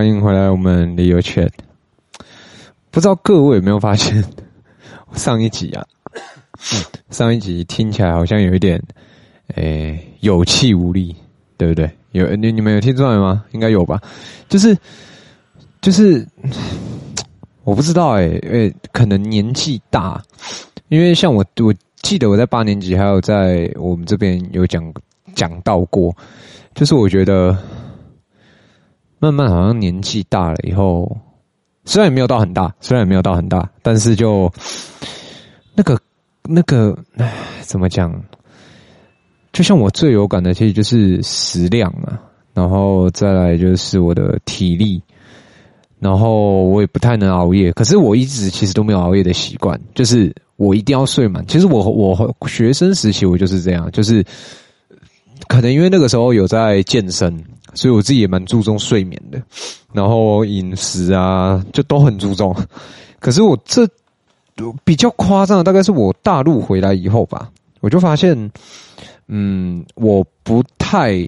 歡迎回來，我們旅遊圈。不知道各位有沒有發現，上一集啊，上一集聽起來好像有一點，哎，有氣無力，對不對？有你你們有聽出來嗎？應該有吧。就是就是，我不知道哎，哎，可能年紀大，因為像我，我記得我在八年級還有在我們這邊有講講到過，就是我覺得。慢慢好像年紀大了以後，雖然也沒有到很大，雖然也沒有到很大，但是就那個那個唉，怎麼講？就像我最有感的，其實就是食量啊，然後再來就是我的體力，然後我也不太能熬夜。可是我一直其實都沒有熬夜的習慣，就是我一定要睡滿。其實我我學生時期我就是這樣，就是可能因為那個時候有在健身。所以我自己也蠻注重睡眠的，然後飲食啊，就都很注重。可是我這比較誇張的，大概是我大陸回來以後吧，我就發現，嗯，我不太，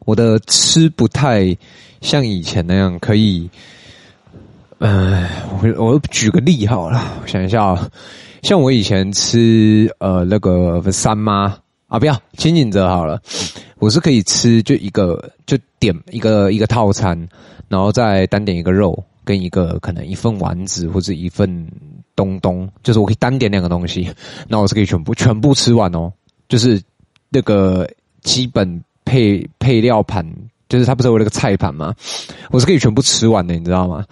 我的吃不太像以前那樣可以。哎、呃，我我舉個例好了，想一下啊、哦，像我以前吃呃那個三媽。啊，不要，清醒着好了。我是可以吃，就一個，就點一個，一個，一個套餐，然後再單點一個肉跟一個可能一份丸子或者是一份東東，就是我可以單點兩個東西，那我是可以全部全部吃完哦。就是那個基本配配料盤，就是它不是有那個菜盤嘛，我是可以全部吃完的，你知道嗎？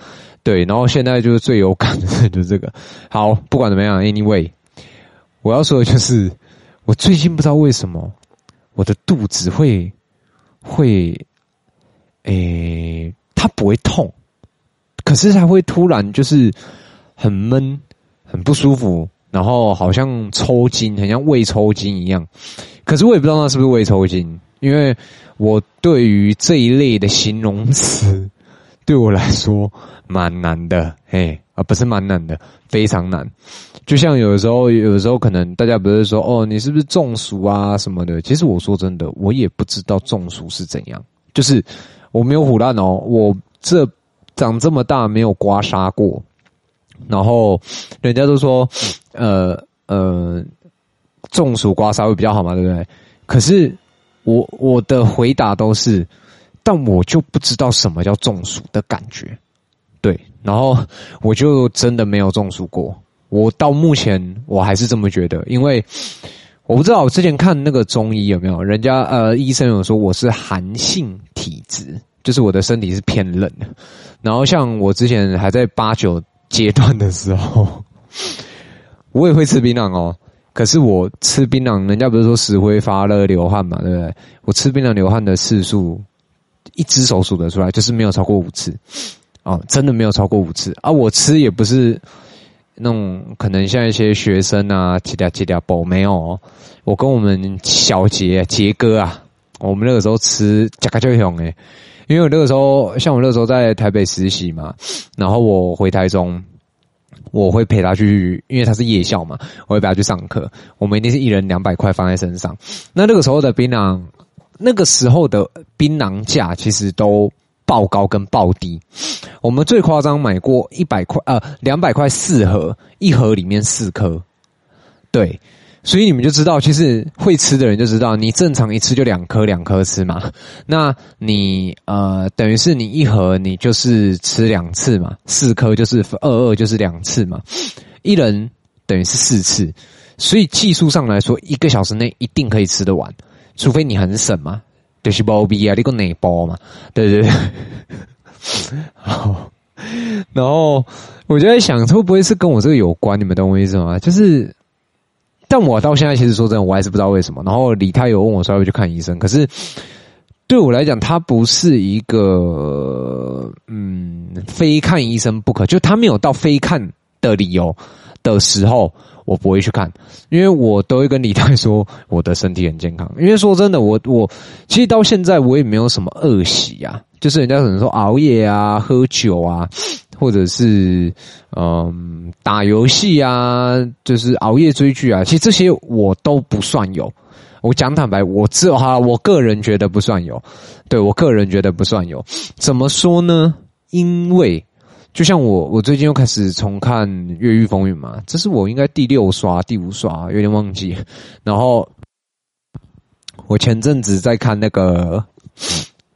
對，然後現在就是最有感的是就是這個。好，不管怎麼樣，Anyway，我要說的就是。我最近不知道為什麼我的肚子會會，誒、欸，它不會痛，可是它會突然就是很悶、很不舒服，然後好像抽筋，很像胃抽筋一樣。可是我也不知道那是不是胃抽筋，因為我對於這一類的形容詞，對我來說蠻難的，嘿。不是蠻難的，非常難。就像有的時候，有的時候可能大家不是說哦，你是不是中暑啊什麼的？其實我說真的，我也不知道中暑是怎樣。就是我沒有虎爛哦，我這長這麼大沒有刮痧過。然後人家都說，呃呃，中暑刮痧會比較好嘛，對不對？可是我我的回答都是，但我就不知道什麼叫中暑的感覺，對。然後我就真的沒有中暑過，我到目前我還是這麼覺得，因為我不知道我之前看那個中醫有沒有，人家呃醫生有說我是寒性體質，就是我的身體是偏冷的。然後像我之前還在八九階段的時候，我也會吃檳榔哦。可是我吃檳榔，人家不是說石灰發熱流汗嘛，對不對？我吃檳榔流汗的次數，一隻手數得出來，就是沒有超過五次。哦，真的沒有超過五次啊！我吃也不是那種可能像一些學生啊，七掉七掉，不沒有、哦。我跟我們小杰杰哥啊，我們那個時候吃加加就香欸，因為我那個時候像我那個時候在台北實習嘛，然後我回台中，我會陪他去，因為他是夜校嘛，我會陪他去上課。我們一定是一人兩百塊放在身上。那那個時候的檳榔，那個時候的檳榔價其實都。爆高跟爆低，我們最誇張買過一百塊，呃，兩百塊四盒，一盒裡面四顆，對，所以你們就知道，其實會吃的人就知道，你正常一次就兩顆兩顆吃嘛，那你呃，等於是你一盒你就是吃兩次嘛，四顆就是二二就是兩次嘛，一人等於是四次，所以技術上來說，一個小時內一定可以吃得完，除非你很省嘛。就是包皮啊，那個內包嘛，對對對。 好，然後我就在想，會不會是跟我這個有關？你們懂我意思嗎？就是，但我到現在其實說真的，我還是不知道為什麼。然後李太有問我說要不要去看醫生，可是對我來講，他不是一個嗯，非看醫生不可，就他沒有到非看的理由的時候。我不會去看，因為我都會跟李誕說我的身體很健康。因為說真的，我我其實到現在我也沒有什麼惡習呀，就是人家可能說熬夜啊、喝酒啊，或者是嗯打遊戲啊，就是熬夜追劇啊，其實這些我都不算有。我講坦白，我只有哈，我個人覺得不算有。對我個人覺得不算有，怎麼說呢？因為。就像我，我最近又開始重看《越獄風雲》嘛，這是我應該第六刷、第五刷，有點忘記。然後我前陣子在看那個《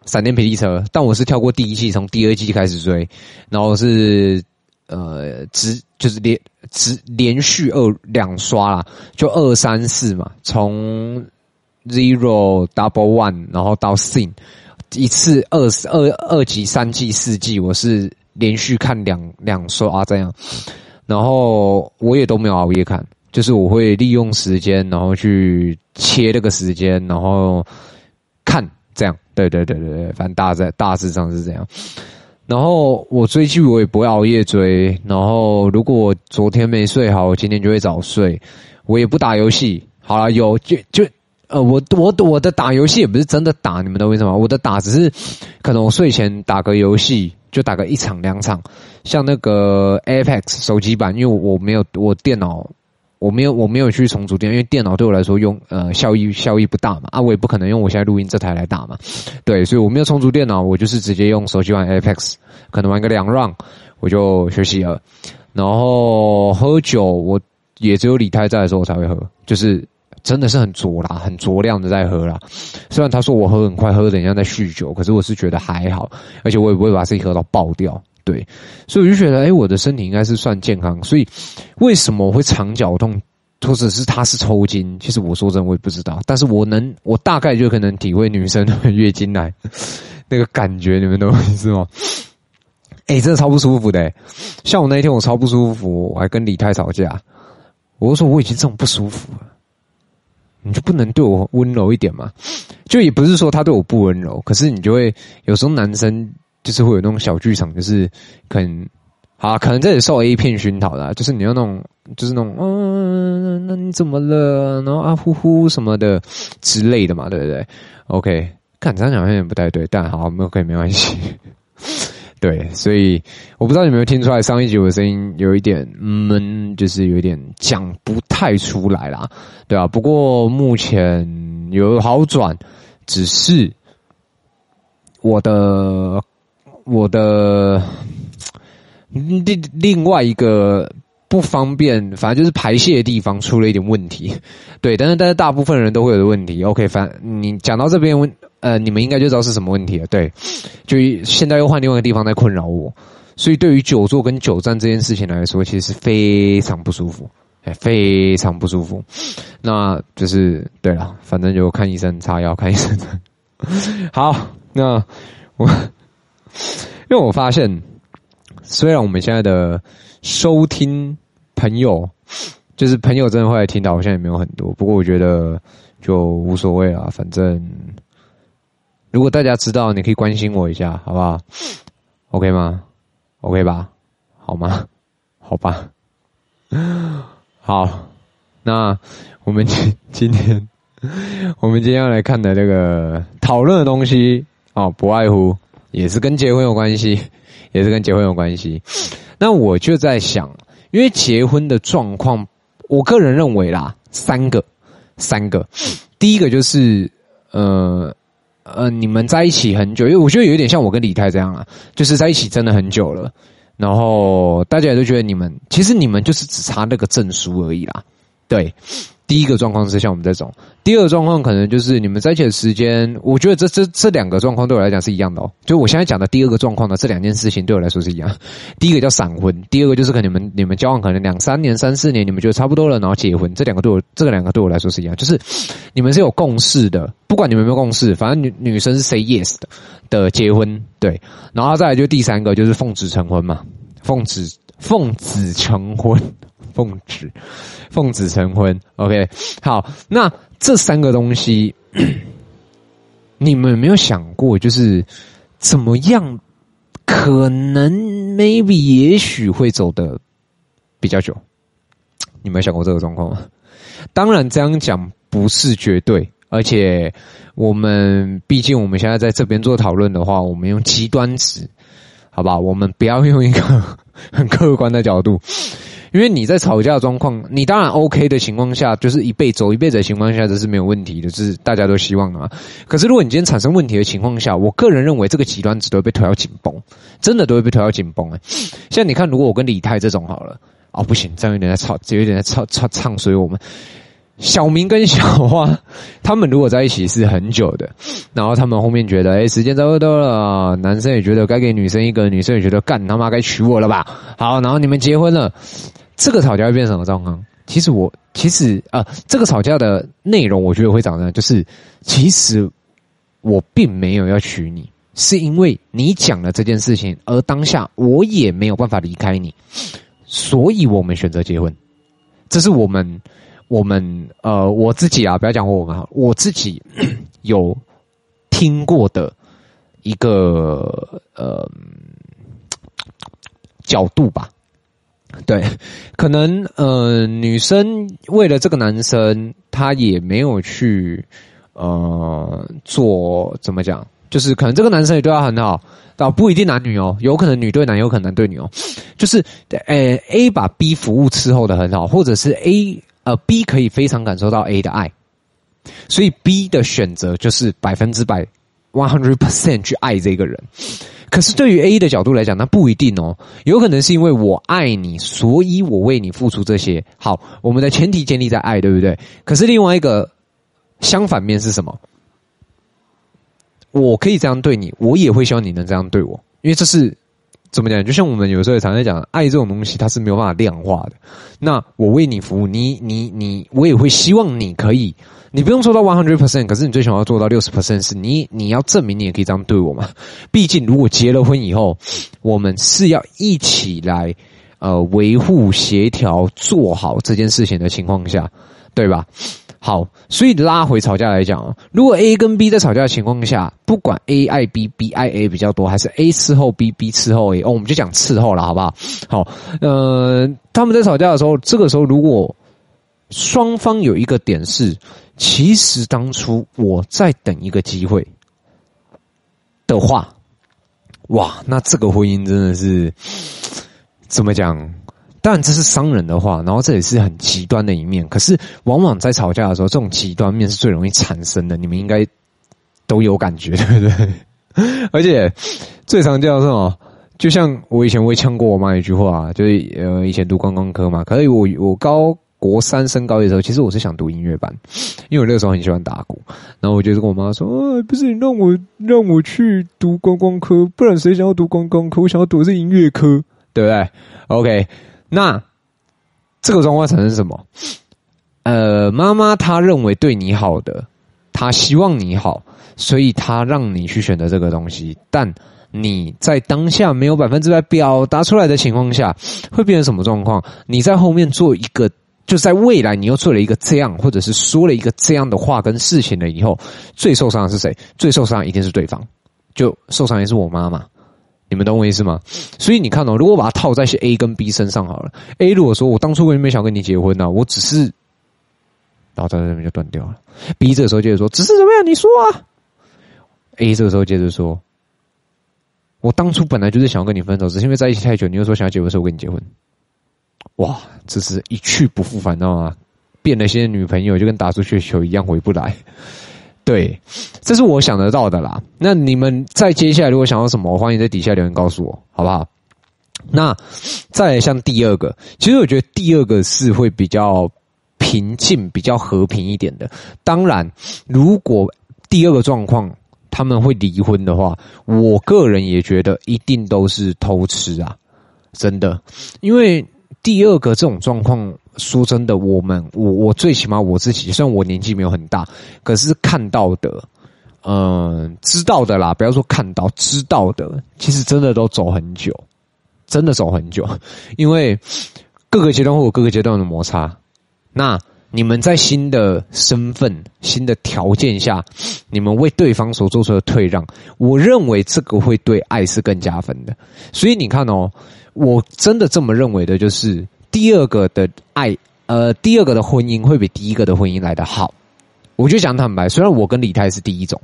閃電霹靂車》，但我是跳過第一季，從第二季開始追，然後是呃，直就是連直連續二兩刷啦，就二三四嘛，從 Zero Double One 然後到 Sing，一次二二二季，三季，四季，我是。連續看兩兩刷、啊、這樣，然後我也都沒有熬夜看，就是我會利用時間，然後去切那個時間，然後看這樣。對對對對對，反正大致大致上是這樣。然後我追劇我也不會熬夜追，然後如果昨天沒睡好，我今天就會早睡。我也不打遊戲，好啦，有就就呃，我我我的打遊戲也不是真的打，你們知道為什麼？我的打只是可能我睡前打個遊戲。就打個一場兩場，像那個 Apex 手機版，因為我沒有我電腦，我沒有我沒有去重組電，因為電腦對我來說用，呃，效益效益不大嘛，啊我也不可能用我現在錄音這台來打嘛，對，所以我沒有重組電腦，我就是直接用手機玩 Apex，可能玩個兩 round，我就學習了，然後喝酒，我也只有李太在的時候我才會喝，就是。真的是很酌啦，很酌量的在喝啦。雖然他說我喝很快，喝的像在酗酒，可是我是覺得還好，而且我也不會把自己喝到爆掉。對，所以我就覺得，哎、欸，我的身體應該是算健康。所以為什麼我會長腳痛，或者是他是抽筋？其實我說真的，我也不知道。但是我能，我大概就可能體會女生的月經來那個感覺，你們懂意思嗎？哎、欸，真的超不舒服的。像我那一天，我超不舒服，我還跟李太吵架。我說我已經這麼不舒服了。你就不能對我溫柔一點嗎？就也不是說他對我不溫柔，可是你就會有時候男生就是會有那種小劇場，就是可能啊，可能這裡受了一片熏陶的，啊，就是你要那種就是那種嗯，那你怎麼了？然後啊呼呼什麼的之類的嘛，對不對，對？OK，幹，這樣講有點不太對，但好，沒有可以沒關係。 對，所以我不知道你有沒有聽出來，上一集我的聲音有一點悶，嗯，就是有一點講不太出來啦，對啊，不過目前有好轉，只是我的我的另另外一個不方便，反正就是排泄的地方出了一點問題。對，但是但是大部分人都會有的問題。OK，反你講到這邊問。呃，你們應該就知道是什麼問題了。對，就現在又換另外一個地方在困擾我，所以對於久坐跟久站這件事情來說，其實是非常不舒服，哎、欸，非常不舒服。那就是對了，反正就看醫生，擦藥看醫生。 好，那我因為我發現，雖然我們現在的收聽朋友，就是朋友真的會來聽到，好像也沒有很多，不過我覺得就無所謂了，反正。如果大家知道，你可以關心我一下，好不好？OK 嗎？OK 吧？好嗎？好吧？好。那我們今今天我們今天要來看的這個討論的東西哦，不外乎也是跟結婚有關係，也是跟結婚有關係。那我就在想，因為結婚的狀況，我個人認為啦，三個，三個，第一個就是呃。呃，你們在一起很久，因為我覺得有點像我跟李太這樣啊，就是在一起真的很久了，然後大家也都覺得你們，其實你們就是只差那個證書而已啦。對，第一個狀況是像我們這種，第二個狀況可能就是你們在一起的時間。我覺得這這這兩個狀況對我來講是一樣的哦。就我現在講的第二個狀況呢，這兩件事情對我來說是一樣。第一個叫閃婚，第二個就是可能你們你們交往可能兩三年、三四年，你們覺得差不多了，然後結婚。這兩個對我這個兩個對我來說是一樣，就是你們是有共識的，不管你們有沒有共識，反正女女生是 say yes 的的結婚。對，然後再來就第三個就是奉子成婚嘛，奉子奉子成婚。奉旨奉子成婚，OK。好，那這三個東西，你們有沒有想過，就是怎麼樣可能 maybe 也許會走得比較久？你有沒有想過這個狀況嗎？當然，這樣講不是絕對，而且我們畢竟我們現在在這邊做討論的話，我們用極端詞，好不好？我們不要用一個很客觀的角度。因為你在吵架的狀況，你當然 OK 的情況下，就是一輩走一輩子的情況下，這是沒有問題的，就是大家都希望的嘛。可是如果你今天產生問題的情況下，我個人認為這個極端值都會被推到緊繃，真的都會被推到緊繃。哎，像你看，如果我跟李太這種好了，哦不行，這樣有點在吵，這有點在吵吵吵，所以我們小明跟小花他們如果在一起是很久的，然後他們後面覺得哎時間差不多了，男生也覺得該給女生一個，女生也覺得幹他媽該娶我了吧？好，然後你們結婚了。這個吵架會變成什麼狀況？其實我其實啊、呃，這個吵架的內容，我覺得會長這樣：就是其實我並沒有要娶你，是因為你講了這件事情，而當下我也沒有辦法離開你，所以我們選擇結婚。這是我們我們呃我自己啊，不要講我們，我自己有聽過的，一個呃角度吧。對，可能呃，女生為了這個男生，她也沒有去呃做怎麼講，就是可能這個男生也對她很好，但不一定男女哦，有可能女對男，有可能男對女哦，就是呃 A 把 B 服務伺候得很好，或者是 A 呃 B 可以非常感受到 A 的愛，所以 B 的選擇就是百分之百 one hundred percent 去愛這個人。可是，對於 A 一的角度來講，那不一定哦。有可能是因為我愛你，所以我為你付出這些。好，我們的前提建立在愛，對不對？可是另外一個相反面是什麼？我可以這樣對你，我也會希望你能這樣對我，因為這是。怎麼講？就像我們有時候也常在講，愛這種東西它是沒有辦法量化的。那我為你服務，你你你，我也會希望你可以，你不用做到 one hundred percent，可是你最想要做到六十 percent，是你你要證明你也可以這樣對我嘛？畢竟如果結了婚以後，我們是要一起來，呃，維護協調做好這件事情的情況下，對吧？好，所以拉回吵架來講，如果 A 跟 B 在吵架的情況下，不管 A 愛 B B 愛 A 比較多，還是 A 伺候 B，B 伺候 A，哦，我們就講伺候了，好不好？好，呃，他們在吵架的時候，這個時候如果雙方有一個點是，其實當初我在等一個機會的話，哇，那這個婚姻真的是怎麼講？當然，這是傷人的話，然後這也是很極端的一面。可是，往往在吵架的時候，這種極端面是最容易產生的。你們應該都有感覺，對不對？而且最常見的是什麼？就像我以前我也嗆過我媽一句話，就是呃，以前讀觀光科嘛。可是我我高國三升高一的時候，其實我是想讀音樂班，因為我那個時候很喜歡打鼓。然後我就跟我媽說：“啊、哎，不是你讓我讓我去讀觀光科，不然誰想要讀觀光科？我想要讀的是音樂科，對不對？”OK。那這個狀況產生是什麼？呃，媽媽她認為對你好的，她希望你好，所以她讓你去選擇這個東西。但你在當下沒有百分之百表達出來的情況下，會變成什麼狀況？你在後面做一個，就在未來你又做了一個這樣，或者是說了一個這樣的話跟事情了以後，最受傷的是誰？最受傷的一定是對方，就受傷也是我媽媽。你們懂我意思嗎？所以你看哦，如果把它套在一些 A 跟 B 身上好了。A 如果說我當初為什麼沒想跟你結婚呢？啊？我只是……然後在這邊就斷掉了。B 這個時候接着說：“只是怎麼樣？你說啊。”A 這個時候接着說：“我當初本來就是想要跟你分手，只是因為在一起太久，你又說想要結婚，時我跟你結婚。”哇，這是一去不復返啊！變了心的女朋友就跟打出去的球一樣回不來。對，這是我想得到的啦。那你們在接下來如果想要什麼，歡迎在底下留言告訴我，好不好？那再來像第二個，其實我覺得第二個是會比較平靜、比較和平一點的。當然，如果第二個狀況他們會離婚的話，我個人也覺得一定都是偷吃啊，真的，因為。第二個這種狀況，說真的，我們我我最起碼我自己，雖然我年紀沒有很大，可是看到的，嗯、呃，知道的啦，不要說看到，知道的，其實真的都走很久，真的走很久，因為各個階段會有各個階段的摩擦。那你們在新的身份、新的條件下，你們為對方所做出的退讓，我認為這個會對愛是更加分的。所以你看哦。我真的這麼認為的，就是第二個的愛，呃，第二個的婚姻會比第一個的婚姻來得好。我就想坦白，雖然我跟李太是第一種，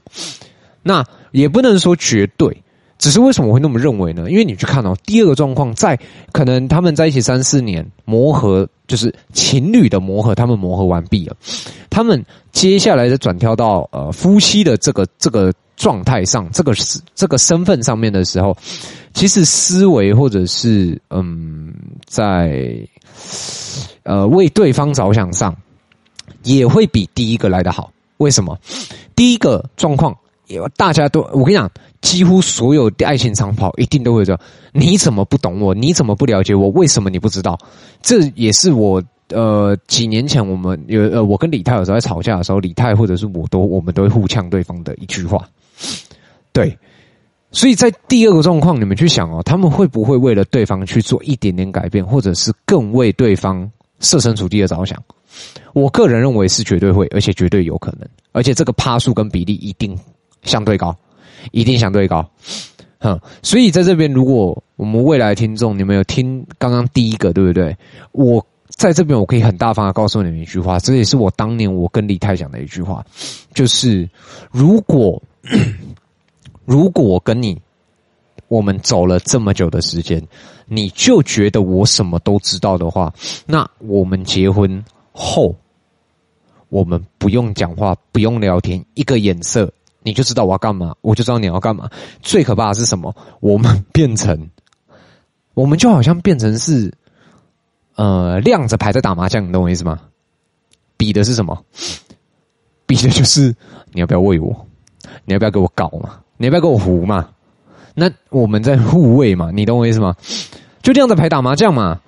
那也不能說絕對，只是為什麼我會那麼認為呢？因為你去看哦，第二個狀況在，在可能他們在一起三四年磨合，就是情侶的磨合，他們磨合完畢了，他們接下來的轉跳到呃夫妻的這個這個。狀態上，這個是這個身份上面的時候，其實思維或者是嗯，在呃為對方着想上，也會比第一個來得好。為什麼？第一個狀況，也大家都我跟你講，幾乎所有的愛情長跑一定都會說：“你怎麼不懂我？你怎麼不了解我？為什麼你不知道？”這也是我呃幾年前我們有呃我跟李太有時候在吵架的時候，李太或者是我都我們都會互嗆對方的一句話。對，所以在第二個狀況，你們去想哦，他們會不會為了對方去做一點點改變，或者是更為對方設身處地的着想？我個人認為是絕對會，而且絕對有可能，而且這個趴數跟比例一定相對高，一定相對高。哼、嗯，所以在這邊，如果我們未來的聽眾，你們有聽剛剛第一個，對不對？我在這邊我可以很大方的告訴你們一句話，這也是我當年我跟李太講的一句話，就是如果。 如果我跟你，我們走了這麼久的時間，你就覺得我什麼都知道的話，那我們結婚後，我們不用講話，不用聊天，一個眼色你就知道我要幹嘛，我就知道你要幹嘛。最可怕的是什麼？我們變成，我們就好像變成是，呃，亮着牌在打麻將，你懂我意思嗎？比的是什麼？比的就是你要不要餵我，你要不要給我搞嘛？你要不要跟我胡嘛！那我們在互慰嘛，你懂我意思嗎？就這樣在排打麻將嘛？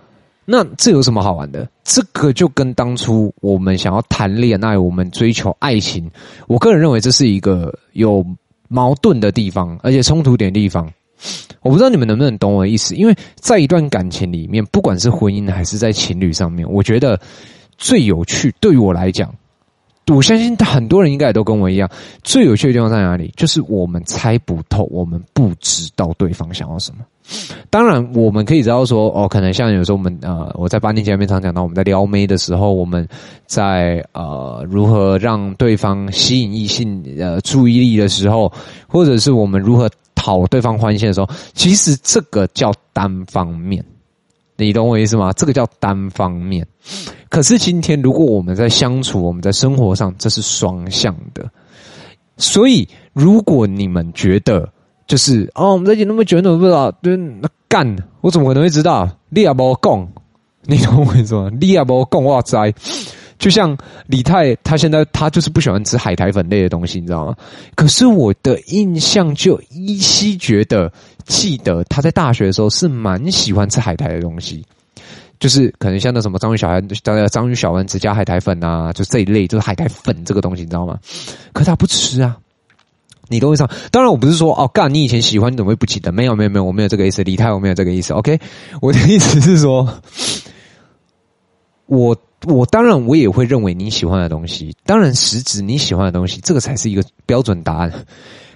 那這有什麼好玩的？這個就跟當初我們想要談戀愛，那我們追求愛情，我個人認為這是一個有矛盾的地方，而且衝突點的地方，我不知道你們能不能懂我的意思。因為在一段感情裡面，不管是婚姻還是在情侶上面，我覺得最有趣，對於我來講。我相信很多人應該也都跟我一樣，最有趣的地方在哪裡？就是我們猜不透，我們不知道對方想要什麼。當然，我們可以知道說，哦，可能像有時候我們，呃，我在八年級節目常講到，我們在撩妹的時候，我們在呃如何讓對方吸引異性呃注意力的時候，或者是我們如何討對方歡心的時候，其實這個叫單方面。你懂我意思嗎？這個叫單方面。可是今天，如果我們在相處，我們在生活上，這是雙向的。所以，如果你們覺得就是哦，我們在一起那麼久，都不知道對，幹，我怎麼可能會知道？你也沒講，你懂我意思嗎？你也沒講我知。就像李泰，他現在他就是不喜歡吃海苔粉類的東西，你知道嗎？可是我的印象就依稀覺得記得他在大學的時候是蠻喜歡吃海苔的東西，就是可能像那什麼章魚小丸，章章魚小丸子加海苔粉啊，就這一類，就是海苔粉這個東西，你知道嗎？可他不吃啊。你都會想，當然我不是說哦，幹，你以前喜歡，你怎麼會不記得？沒有沒有沒有，我沒有這個意思，李泰我沒有這個意思。OK，我的意思是說，我。我當然，我也會認為你喜歡的東西，當然實質你喜歡的東西，這個才是一個標準答案。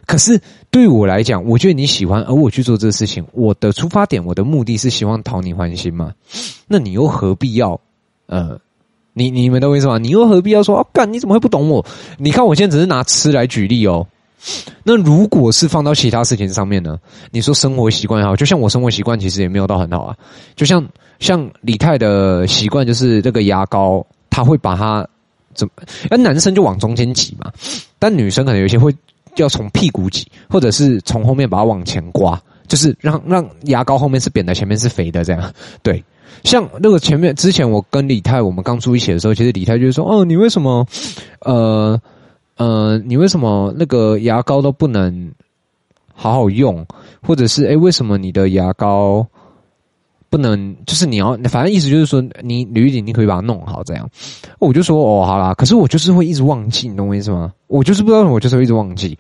可是對我來講，我覺得你喜歡，而我去做這個事情，我的出發點，我的目的是希望討你歡心嘛，那你又何必要？呃，你你，你們懂我意思嗎？你又何必要說啊？幹，你怎麼會不懂我？你看，我現在只是拿吃來舉例哦。那如果是放到其他事情上面呢？你說生活習慣也好，就像我生活習慣其實也沒有到很好啊。就像像李太的習慣，就是這個牙膏，他會把它怎麼？那男生就往中間擠嘛，但女生可能有些會要從屁股擠，或者是從後面把它往前刮，就是讓讓牙膏後面是扁的，前面是肥的這樣。對，像那個前面之前我跟李太我們剛住一起的時候，其實李太就是說：“哦，你為什麼呃？”呃，你為什麼那個牙膏，都不能好好用？或者是哎、欸，為什麼你的牙膏不能就是你要，反正意思就是說你捋一捋，鯉鯉你可以把它弄好這樣。我就說哦，好啦，可是我就是會一直忘記，你懂我意思嗎？我就是不知道，我就是會一直忘記。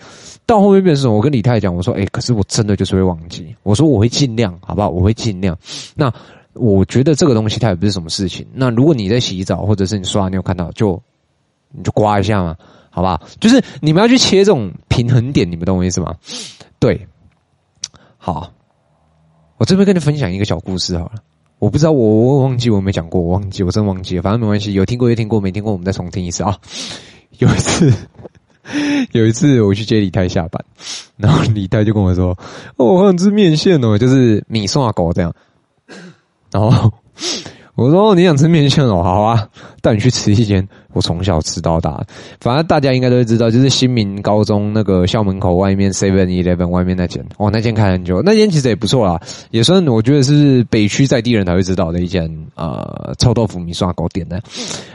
到後面變成什麼，我跟李太太講，我說哎、欸，可是我真的就是會忘記。我說我會盡量，好不好？我會盡量。那我覺得這個東西它也不是什麼事情。那如果你在洗澡或者是你刷，你有看到，就你就刮一下嘛。好吧，就是你們要去切這種平衡點，你們懂我意思嗎？對，好，我這邊跟你分享一個小故事好了。我不知道我，我忘記我沒講過，我忘記，我真的忘記了，反正沒關係，有聽過就聽過，沒聽過我們再重聽一次啊。哦，有一次，有一次我去接李太下班，然後李太就跟我說：“哦，我好想吃麵線哦，就是米刷狗這樣。”然後。我說，你想吃麵線哦？好啊，帶你去吃一間我從小吃到大，反正大家應該都會知道，就是新民高中那個校門口外面 Seven Eleven 外面那間，哦，那間開很久，那間其實也不錯啦，也算我覺得是北區在地人才會知道的一間呃臭豆腐米線糕店呢。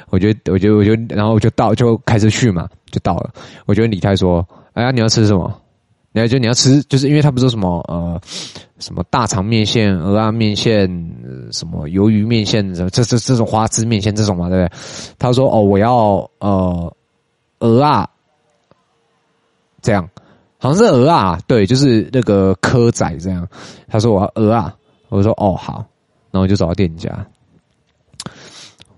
我覺得我覺得我就，得，然後就到就開車去嘛，就到了，我覺得李太說，哎呀，你要吃什麼？然後就你要吃，就是因為他不是說什麼呃，什麼大腸麵線、蚵仔麵線、什麼魷魚麵線，這這這種花枝麵線這種嘛，對不對？他說哦，我要呃，蚵仔，這樣，好像是蚵仔，對，就是那個蚵仔這樣。他說我要蚵仔，我說哦好，那我就找到店家，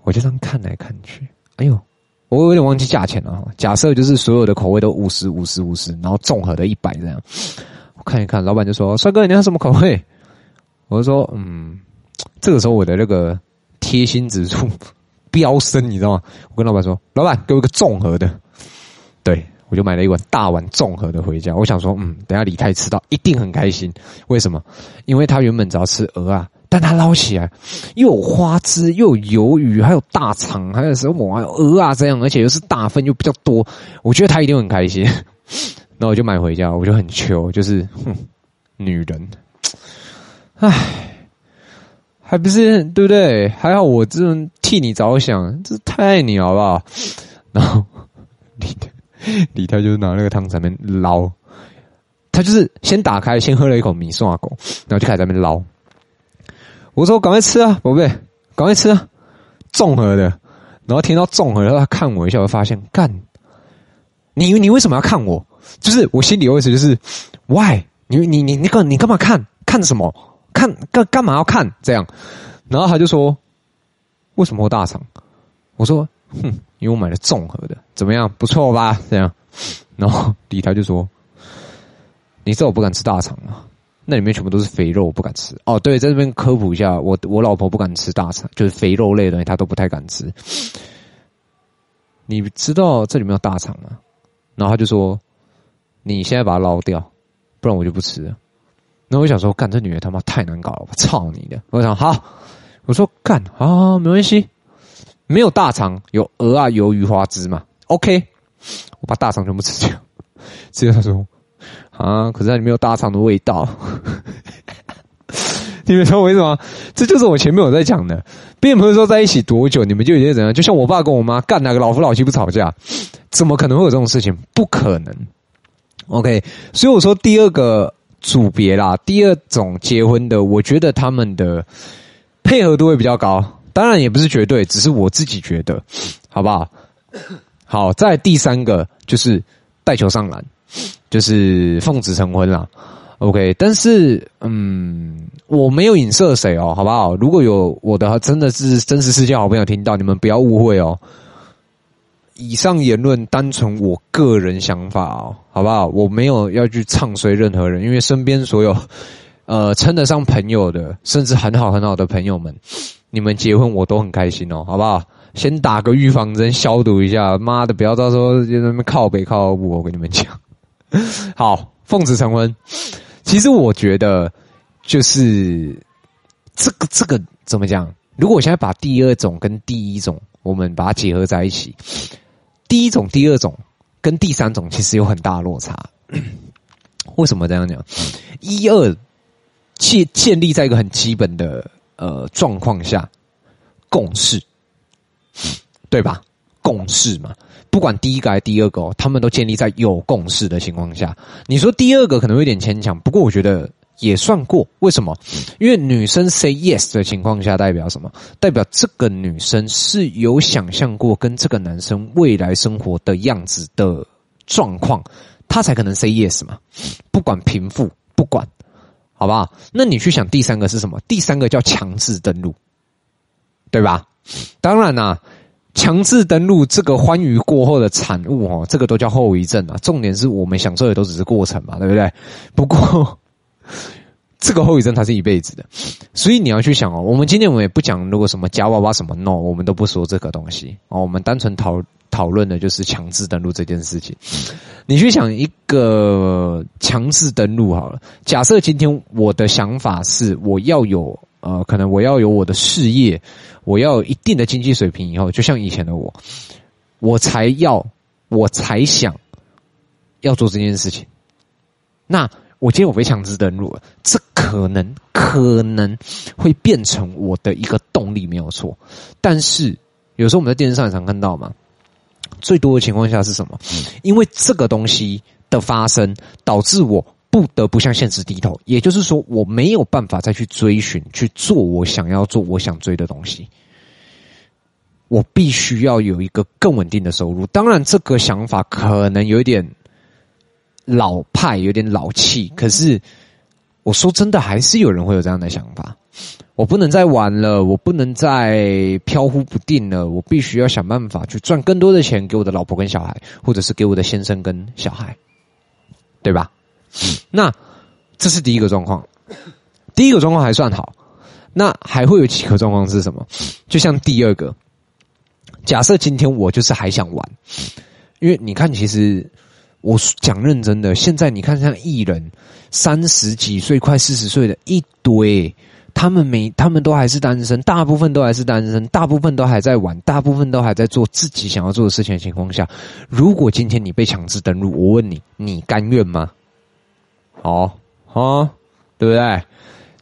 我就這樣看來看去，哎呦。我有點忘記價錢了。假設就是所有的口味都五十五十五十，然後綜合的一百這樣。我看一看，老闆就說：“帥哥，你要什麼口味？”我就說：“嗯。”這個時候我的那個貼心指數飆升，你知道嗎？我跟老闆說：“老闆，給我一個綜合的。對”對，我就買了一碗大碗綜合的回家。我想說：“嗯，等一下李太吃到一定很開心。為什麼？因為他原本只要吃鵝啊。”但他撈起來，又有花枝，又有魷魚，還有大腸，還有什麼鵝啊這樣，而且又是大份又比較多，我覺得他一定很開心。 然後我就買回家，我就很求，就是哼，女人。唉，還不是對不對？還好我這種替你着想，這太愛你好不好？然後李李太就是拿那個湯在那邊撈，他就是先打開，先喝了一口米松阿狗，然後就開始在那邊撈。我說：“趕快吃啊，寶貝，趕快吃啊！”綜合的，然後聽到綜合的，然後他看我一下，我就發現幹，你你為什麼要看我？就是我心裡的一直就是喂你你你你幹你幹嘛看看什麼？看幹幹嘛要看這樣？然後他就說：“為什麼我大腸？”我說：“哼，因為我買了綜合的，怎麼樣？不錯吧？這樣。”然後李太就說：“你知道我不敢吃大腸啊那裡面全部都是肥肉，我不敢吃。哦，對，在這邊科普一下，我我老婆不敢吃大腸，就是肥肉類的東西，她都不太敢吃。你知道這裡面有大腸嗎？啊？然後她就說：“你現在把它撈掉，不然我就不吃了。”然後我想說：“幹這女的他媽太難搞了，我操你的！”我想好，我說幹啊，沒關係，沒有大腸，有鵝啊、魷魚花枝嘛，OK，我把大腸全部吃掉。接着她說。啊！可是它裡面有大腸的味道。 你們懂我意思嗎？這就是我前面有在講的，並不是說在一起多久你們就有些人，就像我爸跟我媽幹那個老夫老妻不吵架？怎麼可能會有這種事情？不可能。OK，所以我說第二個組別啦，第二種結婚的，我覺得他們的配合度會比較高。當然也不是絕對，只是我自己覺得，好不好？好，再第三個就是帶球上籃。就是奉子成婚啦，OK，但是嗯，我沒有影射誰哦，好不好？如果有我的真的是真實世界好朋友聽到，你們不要誤會哦。以上言論單純我個人想法哦，好不好？我沒有要去唱衰任何人，因為身邊所有呃稱得上朋友的，甚至很好很好的朋友們，你們結婚我都很開心哦，好不好？先打個預防針，消毒一下，媽的，不要到時候就那麼靠北靠我，我跟你們講。好，奉子成婚。其實我覺得，就是這個這個怎麼講？如果我現在把第二種跟第一種，我們把它結合在一起，第一種、第二種跟第三種其實有很大的落差。為什麼這樣講？一二建建立在一個很基本的呃狀況下，共識，對吧？共識嘛。不管第一個還是第二個，哦，他們都建立在有共識的情況下。你說第二個可能會有點牽強，不過我覺得也算過。為什麼？因為女生 say yes 的情況下，代表什麼？代表這個女生是有想象過跟這個男生未來生活的樣子的狀況，她才可能 say yes 嘛。不管貧富，不管，好不好？那你去想第三個是什麼？第三個叫強制登錄，對吧？當然啦、啊。強制登錄這個歡愉過後的產物，哦，這個都叫後遺症啊。重點是我們享受的都只是過程嘛，對不對？不過這個後遺症它是一輩子的，所以你要去想哦。我們今天我們也不講如果什麼夾娃娃什麼 no，我們都不說這個東西哦。我們單純討,討討論的就是強制登錄這件事情。你去想一個強制登錄好了，假設今天我的想法是我要有。呃，可能我要有我的事業，我要有一定的經濟水平以後，就像以前的我，我才要，我才想要做這件事情。那我今天我被強制登錄了，這可能可能會變成我的一個動力，沒有錯。但是有時候我們在電視上也常看到嘛，最多的情況下是什麼？因為這個東西的發生導致我。不得不向現實低頭，也就是說，我沒有辦法再去追尋、去做我想要做、我想追的東西。我必須要有一個更穩定的收入。當然，這個想法可能有一點老派、有一點老氣，可是我說真的，還是有人會有這樣的想法。我不能再玩了，我不能再飄忽不定了。我必須要想辦法去賺更多的錢給我的老婆跟小孩，或者是給我的先生跟小孩，對吧？那這是第一個狀況，第一個狀況還算好。那還會有幾個狀況是什麼？就像第二個，假設今天我就是還想玩，因為你看，其實我講認真的，現在你看像藝人三十幾歲、快四十歲的一堆，他們沒，他們都還是單身，大部分都還是單身，大部分都還在玩，大部分都還在做自己想要做的事情的情況下，如果今天你被強制登錄，我問你，你甘願嗎？哦，哦，對不對？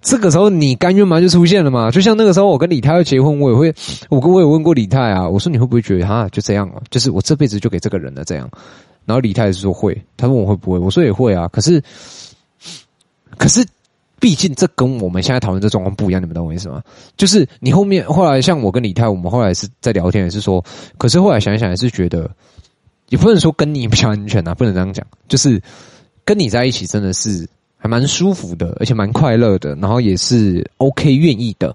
這個時候你甘願嗎？就出現了嘛。就像那個時候，我跟李太要結婚，我也會，我跟我有問過李太啊，我說你會不會覺得哈，就這樣哦，就是我這輩子就給這個人了這樣。然後李太也是說會，他問我會不會，我說也會啊。可是，可是，畢竟這跟我們現在討論這狀況不一樣，你們懂我意思嗎？就是你後面後來，像我跟李太，我們後來是在聊天，也是說，可是後來想一想，也是覺得，也不能說跟你比較安全啊，不能這樣講，就是。跟你在一起真的是還蠻舒服的，而且蠻快樂的，然後也是 OK 願意的。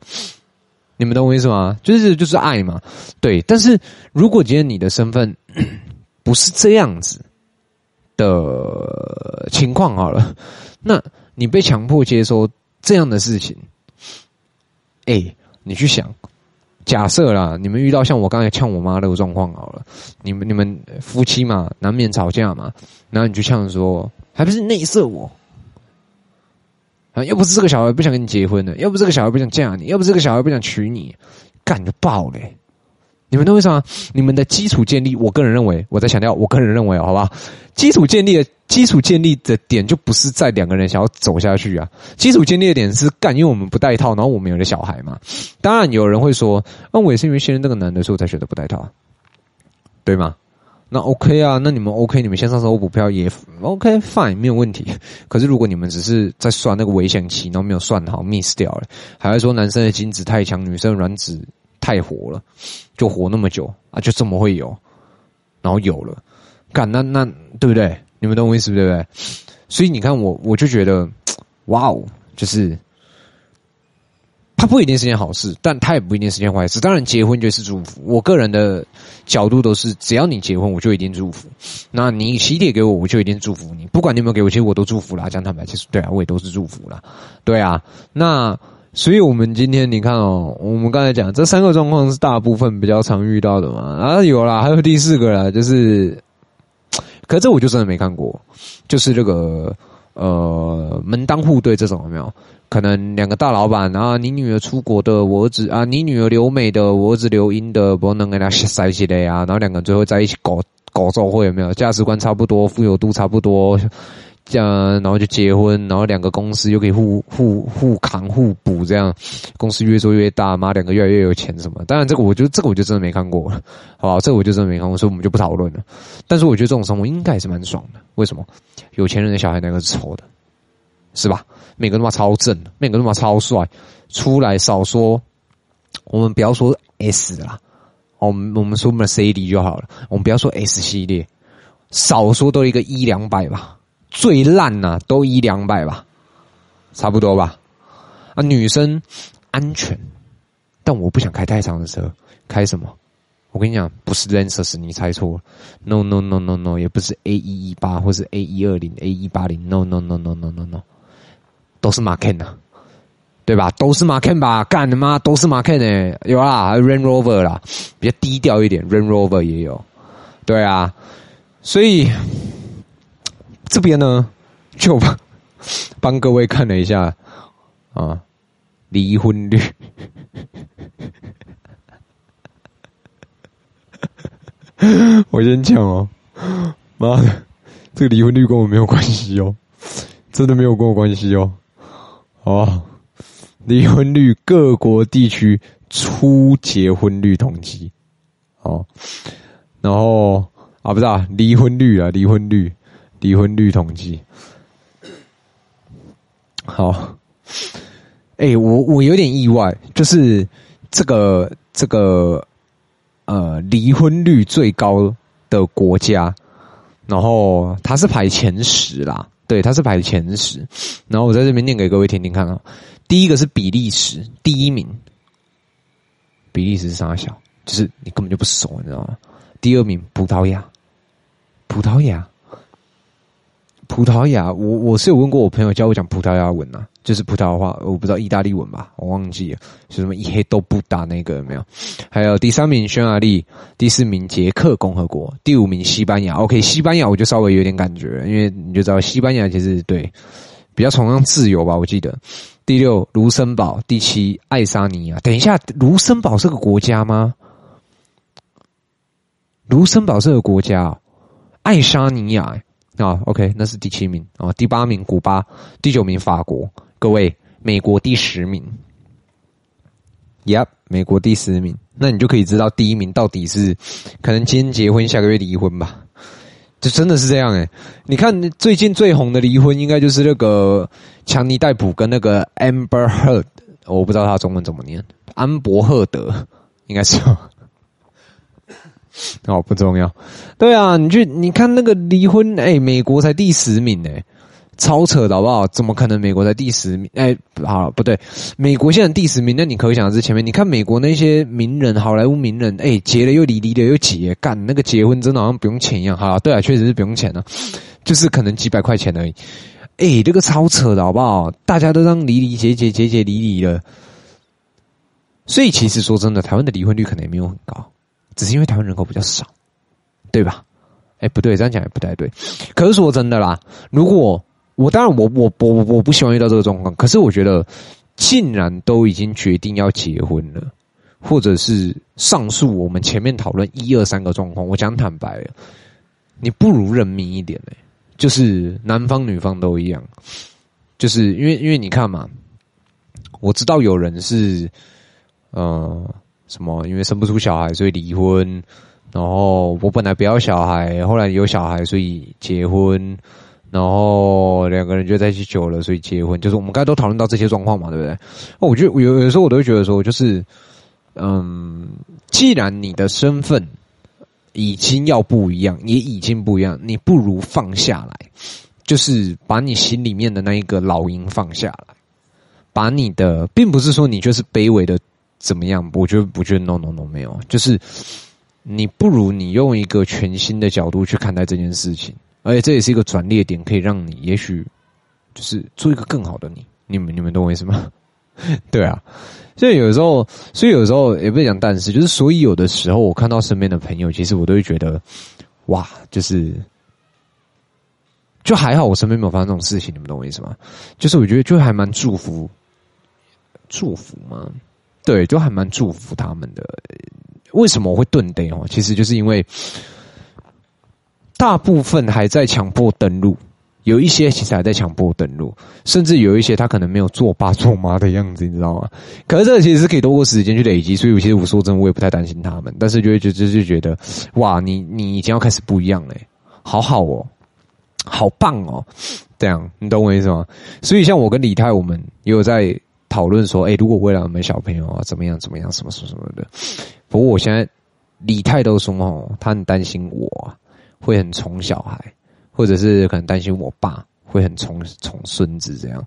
你們懂我意思嗎？就是就是愛嘛。對，但是如果今天你的身份不是這樣子的情況好了，那你被強迫接受這樣的事情，哎，你去想，假設啦，你們遇到像我剛才嗆我媽那個狀況好了，你們你們夫妻嘛，難免吵架嘛，然後你就嗆說。還不是內射我啊？要不是這個小孩不想跟你結婚呢，要不是這個小孩不想嫁你，要不是這個小孩不想娶你，幹就爆嘞！你們都為啥？你們的基礎建立，我個人認為，我再強調，我個人認為，好吧？基礎建立的，的基礎建立的點就不是在兩個人想要走下去啊，基礎建立的點是幹，因為我們不帶套，然後我們有了小孩嘛。當然有人會說，那、啊、我也是因為信任那個男的，所以我才選擇不帶套，對嗎？那 OK 啊，那你們 OK，你們先上車我補票也 OK，Fine、OK，沒有問題。可是如果你們只是在算那個危險期，然後沒有算好，miss 掉了，還會說男生的精子太強，女生的卵子太活了，就活那麼久啊，就這麼會有，然後有了，幹那那對不對？你們懂我意思對不對？所以你看我，我就覺得哇哦，就是。它不一定是件好事，但它也不一定是件壞事。當然，結婚就是祝福。我個人的角度都是，只要你結婚，我就一定祝福。那你喜帖給我，我就一定祝福你。不管你有沒有給我，其實我都祝福了。講坦白，其實對啊，我也都是祝福了，對啊。那所以，我們今天你看哦、喔，我們剛才講這三個狀況是大部分比較常遇到的嘛。啊，有啦，還有第四個啦，就是，可是這我就真的沒看過，就是這個呃門當戶對這種有沒有？可能兩個大老闆啊，你女兒出國的，我兒子啊，你女兒留美的，我兒子留英的，不能跟他瞎在一起的呀。然後兩個人最後在一起搞搞造會有沒有？價值觀差不多，富有度差不多，這樣然後就結婚，然後兩個公司又可以互互互扛互補，這樣公司越做越大，媽兩個越來越有錢什麼？當然這個我覺得這個我就真的沒看過，好吧，這個我就真的沒看過，所以我們就不討論了。但是我覺得這種生活應該也是蠻爽的。為什麼？有錢人的小孩哪個是醜的？是吧？每個都嘛超正，每個都嘛超帥。出來少說，我們不要說 S 啦，我們說我們的 C D 就好了。我們不要說 S 系列，少說都一個一兩百吧。最爛吶、啊，都一兩百吧，差不多吧。啊，女生安全，但我不想開太長的車。開什麼？我跟你講，不是蘭 s 你猜錯。No, no no no no no，也不是 A 一一八，或是 A 一二零、A 一八零。No no no no no no, no。No. 都是馬 k i n 吶，對吧？都是馬 k i n 吧？幹的媽！都是馬 k i n 呢，有啊 r a n Rover 啦，比較低調一點 r a n Rover 也有。對啊，所以這邊呢，就幫，幫各位看了一下啊，離婚率。 我先講哦，媽的，這個離婚率跟我沒有關係哦，真的沒有跟我關係哦。哦，離婚率各國地區初結婚率統計。哦，然後啊，不知道離婚率啊，離婚率離婚率統計。好，哎、欸，我我有點意外，就是這個這個呃離婚率最高的國家，然後它是排前十啦。對，他是排前十。然後我在這邊念給各位聽聽看啊、哦，第一個是比利時第一名，比利時是啥小，就是你根本就不熟，你知道嗎？第二名葡萄牙，葡萄牙。葡萄牙，我我是有問過我朋友教我講葡萄牙文吶、啊，就是葡萄牙話，我不知道意大利文吧，我忘記了、就是什麼伊黑都不打那個有沒有。還有第三名匈牙利，第四名捷克共和國，第五名西班牙。OK，西班牙我就稍微有點感覺，因為你就知道西班牙其實對比較崇尚自由吧，我記得。第六盧森堡，第七愛沙尼亞。等一下，盧森堡是個國家嗎？盧森堡是個國家，愛沙尼亞。啊、oh，OK，那是第七名啊，oh，第八名古巴，第九名法國，各位，美國第十名，Yep，美國第十名，那你就可以知道第一名到底是可能今天結婚，下個月離婚吧？就真的是這樣哎！你看最近最紅的離婚，應該就是那個強尼戴普跟那個 Amber Heard，我不知道他中文怎麼念，安博赫德，應該是。好、哦，不重要。對啊，你去你看那個離婚，哎、欸，美國才第十名、欸，哎，超扯的好不好？怎麼可能美國才第十名？哎、欸，好，不對，美國現在第十名，那你可想而知前面。你看美國那些名人，好萊塢名人，哎、欸，結了又離，離了又結，幹那個結婚真的好像不用錢一樣。好，對啊，確實是不用錢了、啊，就是可能幾百塊錢而已。哎、欸，這個超扯的，好不好？大家都這樣離離結結結結離離了，所以其實說真的，台灣的離婚率可能也沒有很高。只是因為台灣人口比較少，對吧？哎，不對，這樣講也不太對。可是說真的啦，如果我當然我我我我不喜歡遇到這個狀況，可是我覺得，竟然都已經決定要結婚了，或者是上述我們前面討論一二三個狀況，我想坦白了，你不如認命一點呢、欸，就是男方女方都一樣，就是因為因為你看嘛，我知道有人是，嗯、呃。什麼？因為生不出小孩，所以離婚。然後我本來不要小孩，後來有小孩，所以結婚。然後兩個人就在一起久了，所以結婚。就是我們剛才都討論到這些狀況嘛，對不對？哦，我覺得有有時候，我都會覺得說，就是嗯，既然你的身份已經要不一樣，也已經不一樣，你不如放下來，就是把你心裡面的那一個老鷹放下來，把你的，並不是說你就是卑微的。怎麼樣？我覺得不覺得 no no no 沒有，就是你不如你用一個全新的角度去看待這件事情，而且這也是一個轉捩點，可以讓你也許就是做一個更好的你。你們你們懂我意思嗎？ 對啊，所以有時候，所以有時候也、欸、不講，但是就是，所以有的時候我看到身邊的朋友，其實我都會覺得哇，就是就還好，我身邊沒有發生這種事情。你們懂我意思嗎？就是我覺得就還蠻祝福，祝福嘛。對，就還蠻祝福他們的。為什麼我會鈍呆哦？其實就是因為大部分還在強迫登錄，有一些其實還在強迫登錄，甚至有一些他可能沒有做爸做媽的樣子，你知道嗎？可是這個其實是可以透過時間去累積，所以其實我說真的，我也不太擔心他們。但是就會覺得就覺得哇，你你已經要開始不一樣了。好好哦，好棒哦，這樣你懂我意思嗎？所以像我跟李泰，我們也有在。討論說，哎、欸，如果未來我們小朋友啊，怎麼樣怎麼樣，什麼什麼什麼的。不過我現在李太都說哦，他很擔心我會很寵小孩，或者是可能擔心我爸會很寵寵孫子這樣。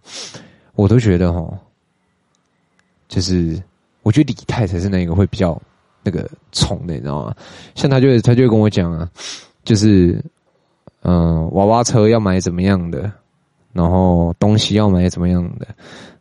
我都覺得哈、哦，就是我覺得李太才是那個會比較那個寵的，你知道嗎？像他就他就跟我講啊，就是嗯、呃，娃娃車要買怎麼樣的，然後東西要買怎麼樣的。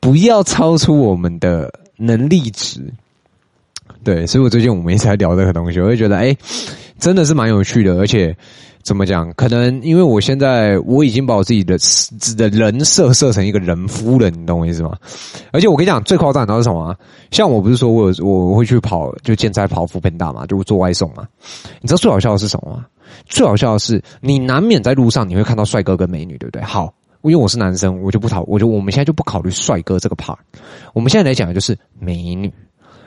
不要超出我們的能力值，對，所以我最近我們一直在聊這個東西，我就覺得哎、欸，真的是蠻有趣的，而且怎麼講？可能因為我現在我已經把我自己的的人設設成一個人夫了，你懂我意思嗎？而且我跟你講，最誇張的是什麼、啊？像我不是說我我會去跑就兼差跑 foodpanda 嘛，就做外送嘛。你知道最好笑的是什麼嗎？最好笑的是你難免在路上你會看到帥哥跟美女，對不對？好。因為我是男生，我就不考，我就我們現在就不考慮帥哥這個 part。我們現在來講的就是美女。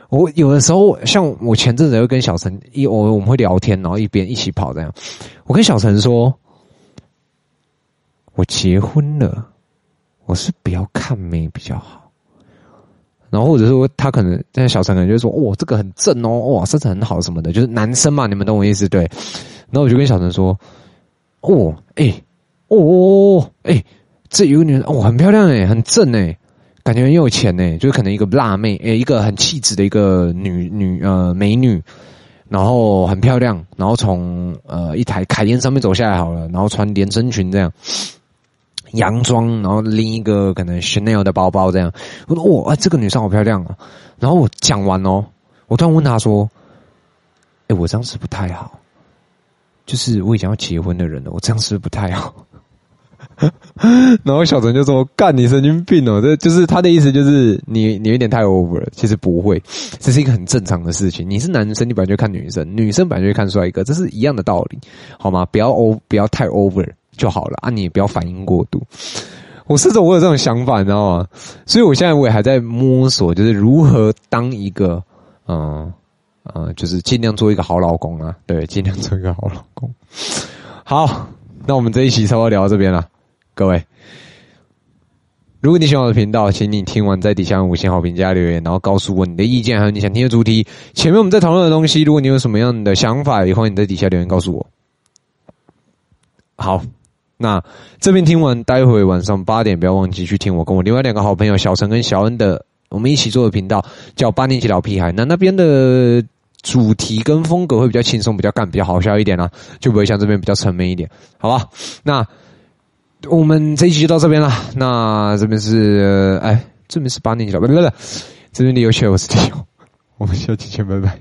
我有的時候，像我前陣子會跟小陳一我我們會聊天，然後一邊一起跑這樣。我跟小陳說，我結婚了，我是不要看美比較好。然後或者說他可能但小陳可能就說，哦，這個很正哦，哇，身材很好什麼的，就是男生嘛，你們懂我意思對？然後我就跟小陳說，哦，哎、欸，哦，哎、欸。這有一個女人，哦，很漂亮哎，很正哎，感覺很有錢哎，就是可能一個辣妹哎，一個很氣質的一個女女呃美女，然後很漂亮，然後從呃一台凱宴上面走下來好了，然後穿連身裙這樣，洋裝，然後拎一個可能 Chanel 的包包這樣，我說哇、哦呃，這個女生好漂亮啊，然後我講完哦，我突然問她說，哎，我這樣是不太好，就是我已經要結婚的人了，我這樣是不是不太好？ 然後小陳就說：“幹你神經病哦、喔！”這就是他的意思，就是你你有點太 over。其實不會，這是一個很正常的事情。你是男生，你本來就看女生；女生本來就會看帥哥。這是一樣的道理，好嗎？不要 over 不要太 over 就好了啊！你也不要反應過度。我是說，我有這種想法，你知道嗎？所以我現在我也還在摸索，就是如何當一個……嗯嗯，就是盡量做一個好老公啊。對，盡量做一個好老公。好，那我們這一期稍微聊到這邊了。各位，如果你喜歡我的頻道，請你聽完在底下五星好評加留言，然後告訴我你的意見，還有你想聽的主題。前面我們在討論的東西，如果你有什麼樣的想法，也歡迎你在底下留言告訴我。好，那這邊聽完，待會晚上八點，不要忘記去聽我跟我另外兩個好朋友小陳跟小恩的，我們一起做的頻道叫《八年級老屁孩》。那那邊的主題跟風格會比較輕鬆，比較乾，比較好笑一點啊，就不會像這邊比較沉悶一點。好吧，那。我們這一期就到這邊了，那這邊是，哎、呃，這邊是八年級的，不是不是，這邊的遊戲我是天佑，我們下期見，拜拜。